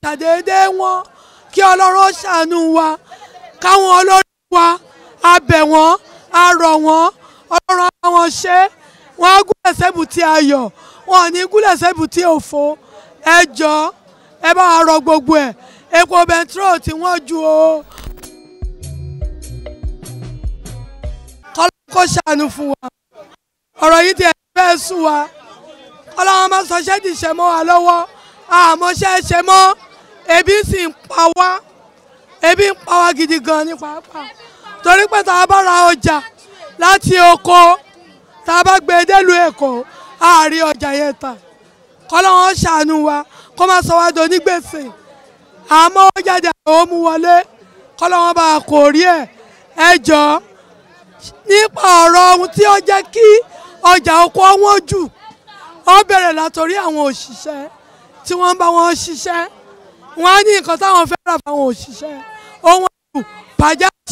ṣàdédé wọn kí ọlọ́run ṣàánú wa káwọn olórí wa a bẹ̀ wọ́n a rọ̀ wọ́n ọlọ́run á wọn ṣe wọn á gúnlẹ̀ sẹ́bùtì ayọ̀ wọn ò ní gúnlẹ̀ sẹ́bùtì òfo ẹ jọ ẹ bá wa rọ gbogbo ẹ̀ epo bẹntiró tí wọ́n ju o. kó ṣàánú fún wa ọ̀rọ̀ yìí ti ẹ̀ fẹ́ sùn wa ọlọ́run máa sọ ṣẹ́ẹ̀dì ṣẹ́ mọ́ wa lọ́wọ́ àmọ́ṣẹ́ ṣe mọ́ ebi sì ń pa wá ebi ń pa wá gidi gan ní pàápàá torí pé tá a bá ra ọjà láti oko tá a bá gbé e délùú Èkó a rí ọjà yẹn tà kọ́lọ́wọ́n ṣàánú wa kó má sọ wá do ní gbèsè àmọ́ ó jáde àwọn mú wọlé kọ́lọ́wọ́n bá a kò rí ẹ̀ ẹ jọ nípa ọ̀rọ̀ ohun tí ó jẹ́ kí ọjà oko wọn jù ó bẹ̀rẹ̀ látòrí àwọn òṣìṣẹ́ tí wọ́n ń bá wọn ṣiṣẹ́ wọ́n á ní nǹkan táwọn fẹ́ rà fáwọn òṣìṣẹ́ ohun èlò bajaj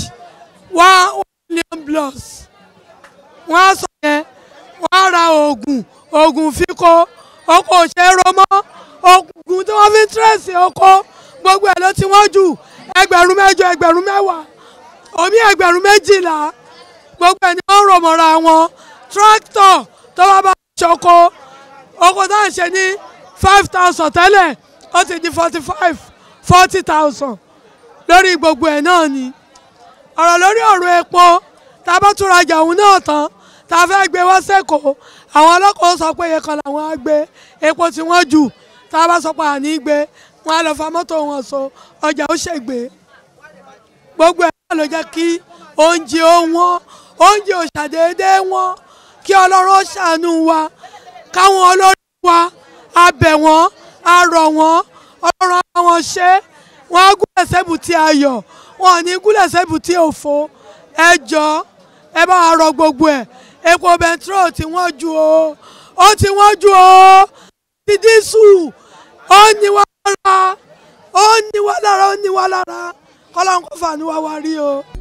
one million plus wọ́n á sọ yẹn wọ́n á ra oògùn oògùn fíkó oko ṣe é romọ́ oògùn tí wọ́n fi ń tírèsì gbogbo ẹ̀ ló ti wọ́n jù ẹgbẹ̀rún mẹ́jọ ẹgbẹ̀rún mẹ́wàá omi ẹgbẹ̀rún méjìlá gbogbo ẹ̀ ni wọ́n rọ̀ mọ́ra wọn tractor tó bá bá ṣoko oko tá ṣe ní five thousand tẹ́lẹ̀ ó ti di forty five forty thousand lórí gbogbo ẹ̀ náà ni ọ̀rọ̀ lórí ọ̀rọ̀ epo tá a bá tún rajà òun náà tán tá a fẹ́ gbé wá sẹ́kọ̀ọ́ àwọn ọlọ́kọ̀ sọ pé iye kan làwọn á gbé epo tí wọ́n jù tá a bá sọ pé àní gbé wọn á lọ fa mọ́tò wọn so ọjà ó ṣègbè gbogbo ẹ̀ ló jẹ́ kí oúnjẹ ó wọ́n oúnjẹ ò ṣàdédé wọ́n kí ọlọ́run ṣàánú wa káwọn olórí wa a bẹ̀ wọ́n a rọ̀ wọ́n ọ̀rọ̀ wọn ṣe wọ́n á gúnlẹ̀ sẹ́bù tí a yọ̀ wọ́n ní gúnlẹ̀ sẹ́bù tí òfo ẹ jọ ẹ bá wa rọ gbogbo ẹ̀ epo bẹntiró tí wọ́n ju o ó ti wọ́n ju o ti dísù ó ní wá lára ó ní wá lára ó ní wá lára kọ́lá ń kó fà ní wá wá rí o.